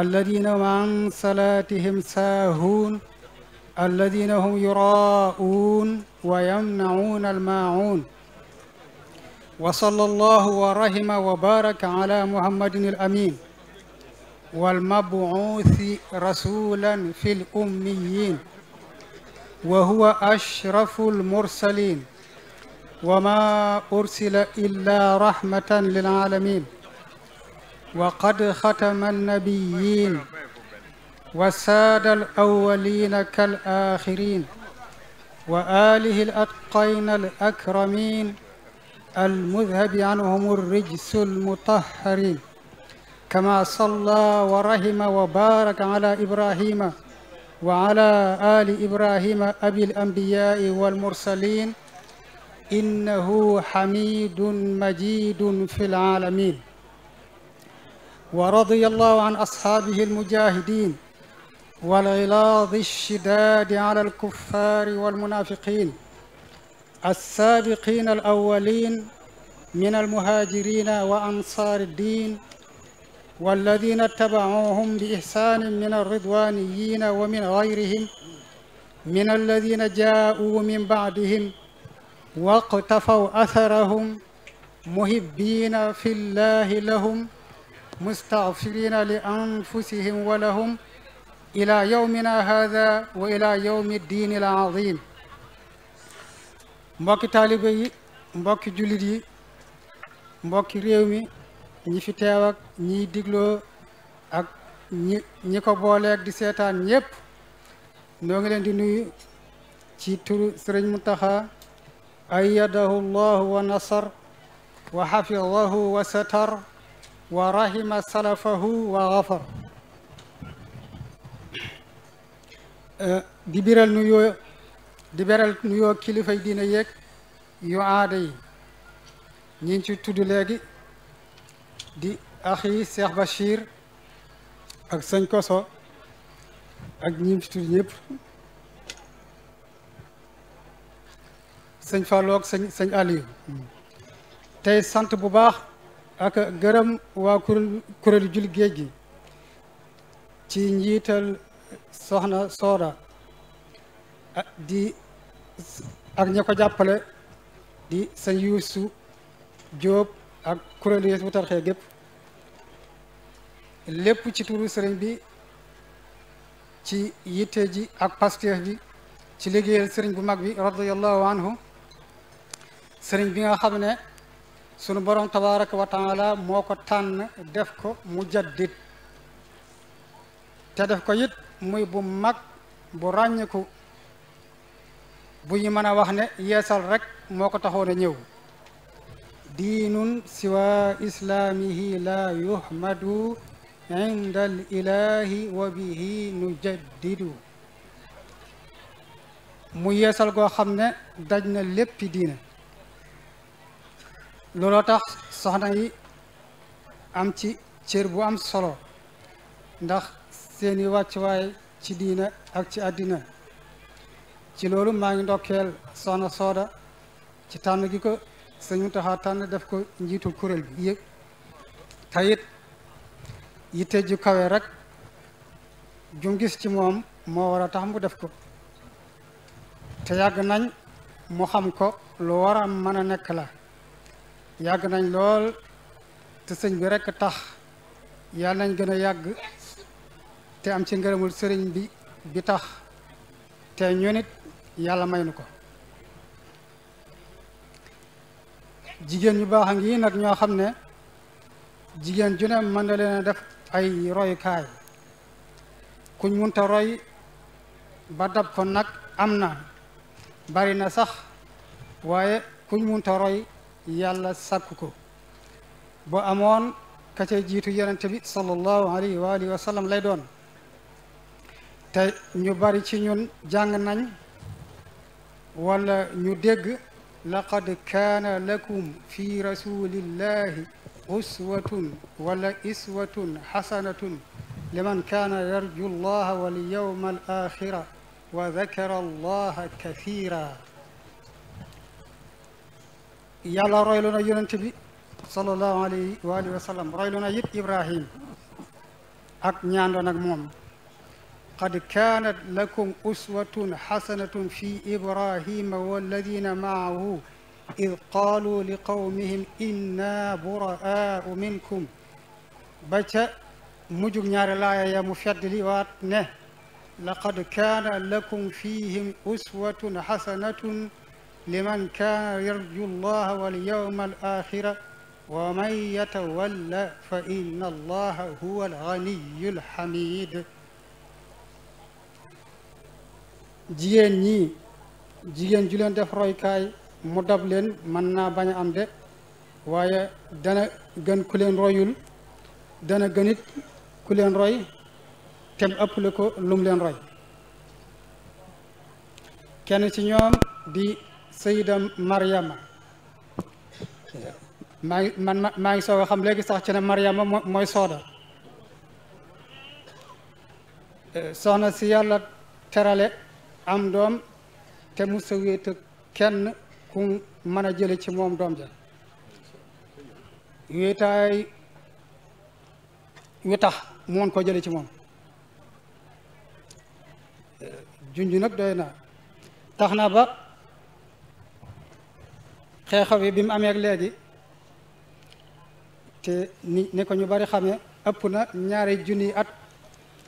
الذين هم عن صلاتهم ساهون الذين هم يراءون ويمنعون الماعون وصلى الله ورحم وبارك على محمد الأمين والمبعوث رسولا في الأميين وهو أشرف المرسلين وما أرسل إلا رحمة للعالمين وقد ختم النبيين وساد الأولين كالآخرين وآله الأتقين الأكرمين المذهب عنهم الرجس المطهرين كما صلى ورحم وبارك على إبراهيم وعلى آل إبراهيم أبي الأنبياء والمرسلين إنه حميد مجيد في العالمين ورضي الله عن أصحابه المجاهدين والغلاظ الشداد على الكفار والمنافقين السابقين الأولين من المهاجرين وأنصار الدين والذين اتبعوهم بإحسان من الرضوانيين ومن غيرهم من الذين جاءوا من بعدهم واقتفوا أثرهم محبين في الله لهم مستغفرين لأنفسهم ولهم إلى يومنا هذا وإلى يوم الدين العظيم mbokki taalibe yi mbokki jullit yi mbokki réew mi ñi fi teew ak ñiy digloo ak ñi ko booleeg di seetaan ñépp ñoo ngi leen di nuyu ci turu sëriñ Muntaxa ayyadahu llahu wa nasar wa xafidahu wa satar wa rahima salafahu wa gafar di biral nuyoo di beral kilifay diina yeeg yu aada yi ñi ci tudd léegi di axi Cheikh Bachir ak sëñ Koso ak ñi ci tudd ñëpp sëñ Fallou ak sëñ sëñ tey sant bu ak gërëm waa kuréelu jul géej gi ci njiital soxna Sooda di ak ña jàppale di sëñ Yuusu Jóob ak kuréelu Hizbut Tarqiyyah gépp lépp ci turu sëriñ bi ci yitte ji ak pastéef bi ci liggéeyal sëriñ bu mag bi radiyallahu anhu sëriñ bi nga xam ne sunu borom tabaraka wa taala moo ko tànn def ko mu jaddit te def ko it muy bu mag bu ràññiku bu ñu mën a wax ne yeesal rek moo ko taxoo a ñëw diinun siwa islaamihi la yuhmadu inda al ilahi nujaddidu mu yeesal goo xam ne daj na léppi diine looloo tax soxna yi am ci cër bu am solo ndax seeni wàccuwaay ci diina ak ci àddina ci loolu maa ngi ndokkeel soxna sooda ci tànn gi ko sëñ Muntaxa tànn def ko njiitu kuréel bi yëpp tayit yitte ju kawe rek jum gis ci moom moo war a tax mu def ko te yàgg nañ mu xam ko lu war a mën a nekk la yàgg nañ lool te sëñ bi rekk tax yàlla nañ gën a yàgg te am ci ngërëmul sëriñ bi bi tax te ñu yàlla may nu ko jigéen ñu baax a ngi nag ñoo xam ne jigéen ju ne mën na leen a def ay royukaay kuñ munta roy ba dab ko nag am na bari na sax waaye kuñ munta roy yàlla sàkk ko bu amoon ka jiitu yonente bi sallallahu alayhi wa alihi wa sallam lay doon te ñu bari ci ñun jàng nañ wala ñu dégg laqad kaana lakum fi rasulillahi uswatun wala iswatun xasanatun liman kaana yarju llaha walyawma al axira wa yàlla roylu na yonent bi sallallahu alayhi wa alihi wa sallam roylu na it ibrahim ak ñaandoon ak moom qad kaanat lakum uswatun xasanatun fi ibrahima walladina maahu id qaalu li qawmihim inna buraau minkum ba ca mujug ñaari laaya ya mu feddli waat ne laqad kaana lakum fihim uswatun xasanatun لمن كان يرجو الله واليوم الآخر ومن يتولى فإن الله هو الغني الحميد jigéen ñi jigéen ju def roykaay mu dab leen mën naa bañ a am de waaye dana gën ku leen royul dana gënit ku leen roy tem ëpp la ko lum leen roy kenn ci ñoom di sayida Mariama maa ngi man maa ngi soog a xam léegi sax ci ne Mariama mooy sooda soxna si yàlla terale am doom te mu sa wéet kenn ku mën a jële ci moom doom ja wéetaay wi tax mu koo jële ci moom junj doy na tax na ba xew-xew bi mu amee ak léegi te ni ni ko ñu bari xamee ëpp na ñaari junni at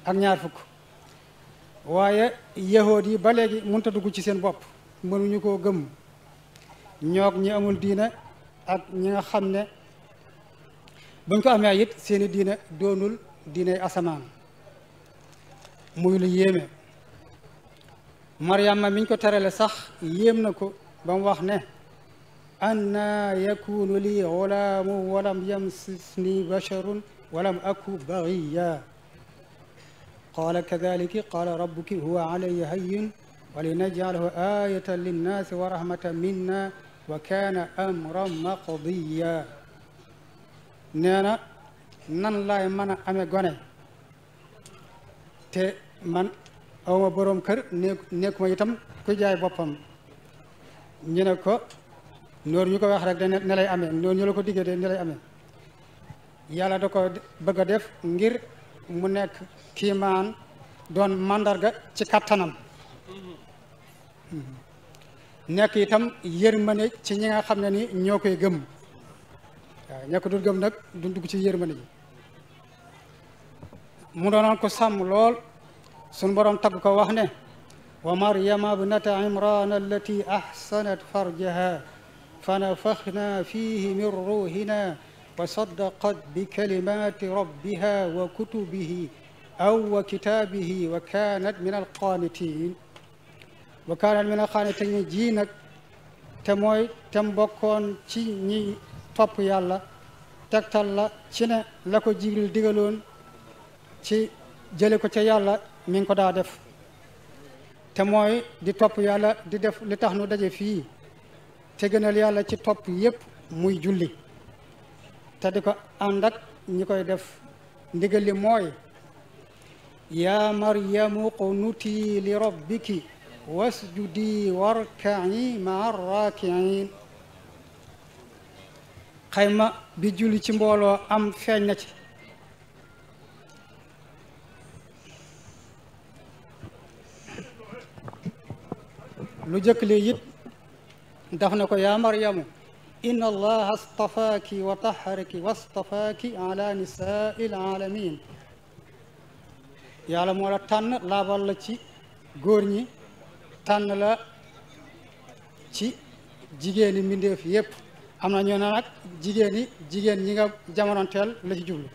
ak ñaar fukk waaye yahood yi ba léegi mënut dugg ci seen bopp mënuñu koo gëm ñoog ñi amul diina ak ñi nga xam ne buñ ko amee it seeni diina doonul diinay asamaan muy lu yéeme Mariama miñ ko terale sax yéem na ko ba mu wax ne anna yakunu li ghulamu walam yamsisni basharun walam aku baghiya qala kadhalika qala rabbuki huwa alayya hayyin walinaj'alahu ayatan linnasi wa rahmatan minna wa kana amran maqdiya nee na nan laay mën a amee gone te man awma boroom kër nekk nekkuma itam ku jaay boppam ñu ne ko noor ñu ko wax rek de ne lay amee ñu la ko diggee de ne lay amee yàlla da ko bëgg a def ngir mu nekk kiimaan doon màndarga ci kattanam mm-hmm. nekk itam yërmande ci ñi nga xam ne ni ñoo koy gëm waaw ña ko dul gëm nag du dugg ci yërmande ji mu doonoon ko sàmm lool suñ boroom tagg ko wax ne wa maryama bnata imran allati ahsanat farjaha فنفخنا فيه من روحنا وصدقت بكلمات ربها وكتبه أو وكتابه وكانت من القانتين وكانت من القانتين jii nag te mooy te mbokkoon ci ñi topp yàlla tegtal la ci ne la Jibril digaloon ci jële ko ca yàlla mi ngi ko daa def te mooy di topp yàlla di def li tax nu daje fii te gënal yàlla ci topp yépp muy julli te di ko ànd ak ñi koy def ndigal li mooy yaa maryamu qunuti li rabbiki wasjudi warkai maa raakiin xayma bi julli ci mbooloo am feeñ ci lu jëkk li it daf ne ko yaa maryamu inna allaha astafaaki wa taharaki wa astafaaki ala nisaai alaalamin yàlla moo la tànn laabal la ci góor ñi tànn la ci jigéeni mbindeef yépp am na ñoo ne nag jigéeni jigéen ñi nga la ci jublu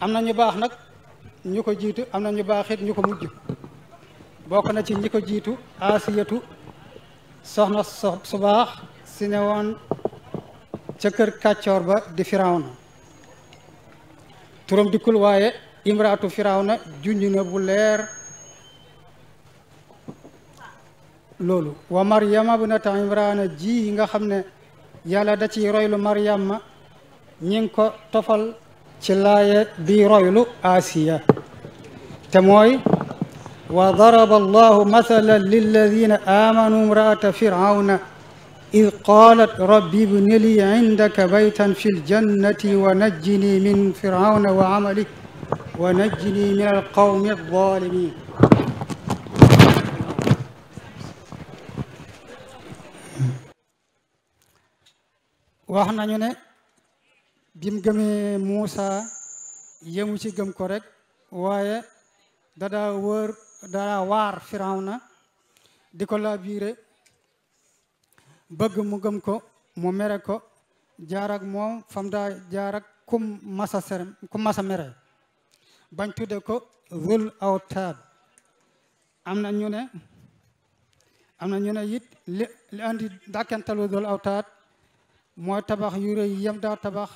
am na ñu baax nag ñu ko jiitu am na ñu baax it ñu ko mujj bokk na ci ñi ko jiitu asiyatu soxna so su baax si ne woon ca kër kàccoor ba di firawna turam dikkul waaye imraatu firawna junj bu leer loolu wa maryama binata imrana ji nga xam ne yàlla da ciy roylu maryama ñi ngi ko tofal ci laaye bi roylu asiya te mooy وضرب الله مثلا للذين آمنوا امرأة فرعون إذ قالت رب ابن لي عندك بيتا في الجنة ونجني من فرعون وعمله ونجني من القوم الظالمين wax nañu ne bim gëmee Muusa yemu ci gëm ko rek waaye dadaa wër dara waar firawna di ko laabiire bëgg mu gëm ko mu mere ko jaarak moom fam daa jaarak kum masa serem kum masa mere bañ tudde ko zul awtaad am na ñu am na ñu ne it li li andi dàkkentalu zul mooy tabax yu rëy yem daa tabax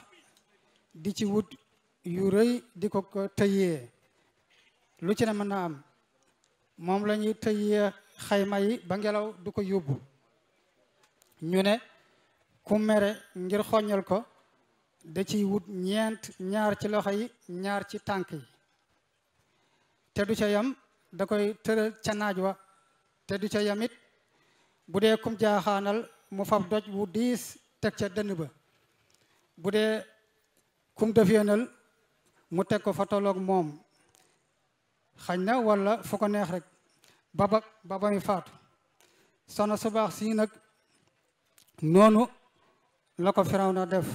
di ci wut yu rëy di ko ko tëyee lu ci ne mën moom lañuy ñuy xayma yi ba ngelaw du ko yóbbu ñu ne ku mere ngir xoññal ko da ciy wut ñeent ñaar ci loxo yi ñaar ci tànk yi te du ca yam da koy tëral ca naaj wa te du ca yamit bu dee kum jaaxaanal mu fab doj wu diis teg ca dënn ba bu dee kum dëfeenal mu teg ko fa tolloog moom xañ na wala fu ko neex rek baba baba mi faatu soxna su baax nag noonu la ko Firawna def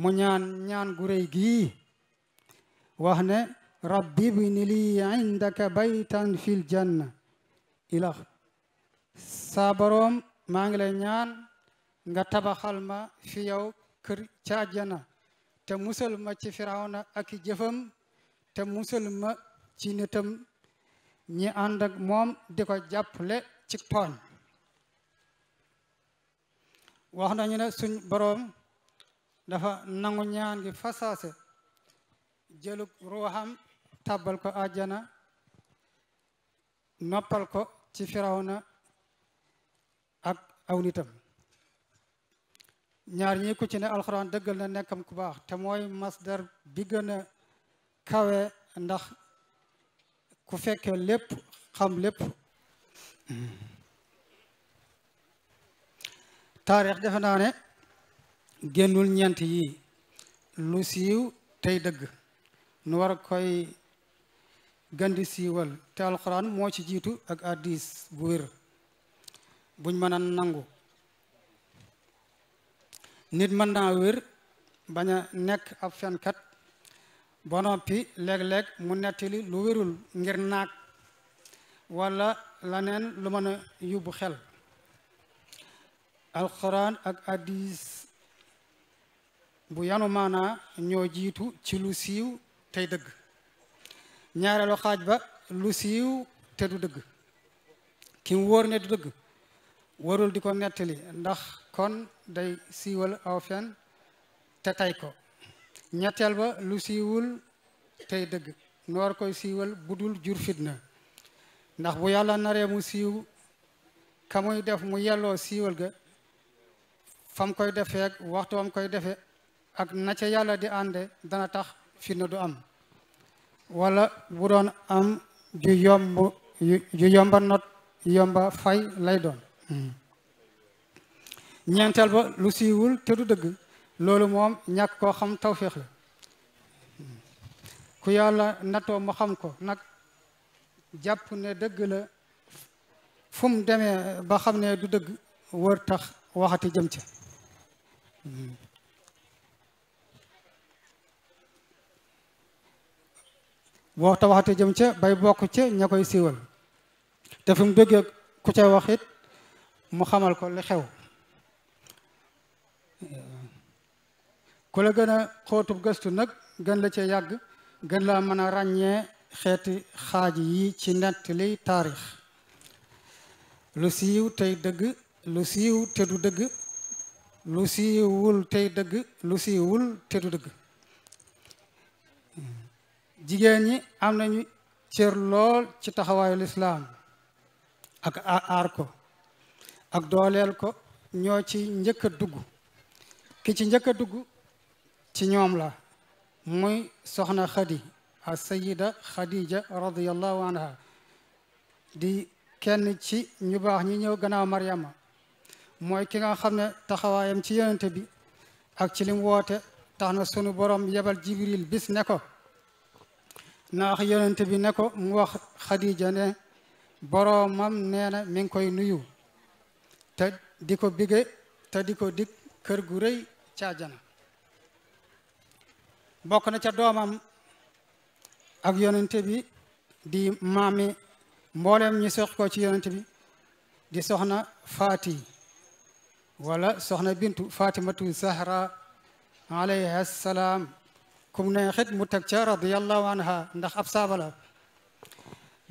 mu ñaan ñaan gu réy gii wax ne rabbi bni lii indaka baytan fil janna ilax saa maa ngi lay ñaan nga tabaxal ma fi yow kër ca àjjana te ci Firawna ak jëfam te musal ma ci nitam ñi ànd moom di ko jàppale ci tooñ wax nañu ne suñ boroom dafa nangu ñaan gi fasaase jëlug ruuxam tàbbal ko àjjana noppal ko ci firawna ak aw nitam ñaar ñi ku ci ne alxuraan dëggal na nekkam ku baax te mooy masdar bi gën a kawe ndax ku fekke lépp xam lépp taarix defe naa ne génnul ñeent yi lu siiw tey dëgg nu war koy gandi siiwal te alxuraan moo ci jiitu ak addis bu wér buñ mën a nangu nit mën naa wér bañ nekk ab fenkat ba noppi léeg mu nettali lu wérul ngir naag wala laneen lu mën a yóbbu xel alxuraan ak hadis bu yanu maanaa ñoo jiitu ci lu siiw tey dëgg ñaareelu xaaj ba lu siiw te du dëgg ki mu ne du dëgg warul di ko nettali ndax kon day siiwal aw fen te tay ko ñetteel ba lu siiwul tey dëgg nu koy siiwal bu dul jur fitna ndax bu yàlla naree mu siiw ka muy def mu yelloo siiwal ga fam koy defee waxtu koy defee ak na yàlla di ànde dana tax fitna du am wala bu doon am yomb ju yomba not yomba fay lay doon hmm. ñeenteel ba lu siiwul te du dëgg loolu moom ñàkk koo xam tawféex la ku yàlla nattoo mu xam ko nag jàpp ne dëgg la fum mu demee ba xam ne du dëgg wër tax waxati jëm ca boo ta waxati jëm ca bay bokk ca ña koy siiwal te fi mu ku ca wax mu xamal ko li xew ku la gën a xóotub gëstu nag gën la cee yàgg gën la mën a ràññee xeeti xaaj yi ci nettali taarix lu siiw tey dëgg lu siiw te dëgg lu siiwul tey dëgg lu siiwul te dëgg jigéen ñi am nañu cër lool ci taxawaayu lislaam ak aar ko ak dooleel ko ñoo ci njëkk a dugg ki ci njëkk a dugg ci ñoom la muy soxna xadi a sayida xadija radiallahu anha di kenn ci ñu baax ñi ñëw gannaaw mariyama mooy ki nga xam ne taxawaayam ci yonente bi ak ci lim woote tax na sunu borom yebal jibril bis ne ko naax yonente bi ne ko mu wax xadija ne boroomam nee na mi ngi koy nuyu te di ko bige te di ko dig kër gu rëy caajana bokk na ca doomam ak yonente bi di maami mboolem ñi sox ko ci yonente bi di soxna faati walla soxna bintu fatimatu zahra alayha salaam kum ne mu teg ca radiallahu anha ndax ab saabala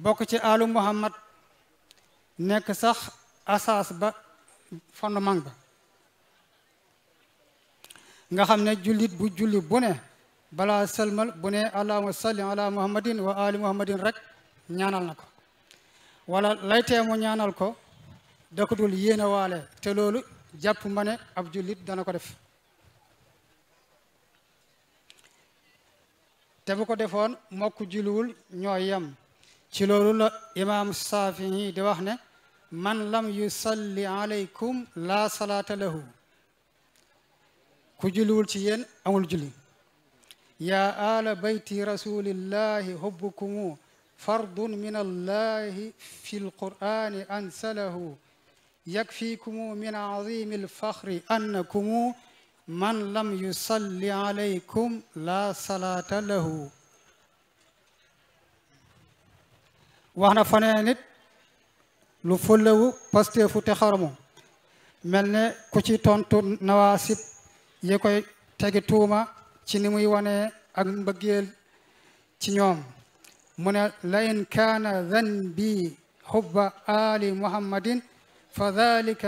bokk ci alu muhammad nekk sax asaas ba fondement ba nga xam ne jullit bu julli bu ne balaa sëlmal bu ne allahuma salli ala muhammadin wa ali muhammadin rek ñaanal na ko wala laytee mu ñaanal ko da ko dul yéene waale te loolu jàpp ma ab jullit dana ko def te bu ko defoon mokk julliwul ñoo yem ci loolu la imaam Saafii di wax ne man lam yusalli aleykum la salaata ku julliwul ci yéen amul julli يا آل بيت رسول الله حبكم فرض من الله في القرآن أنزله يكفيكم من عظيم الفخر أنكم من لم يصل عليكم لا صلاة له wax na faneen nit lu fullewu pasteefu te xarmu mel ne ku ci tontu nawaasib yi koy tegi tuuma ci ni wane ak mbëggeel ci ñoom mu ne la in kaana dhanbi hubba ali muhammadin fa dhalika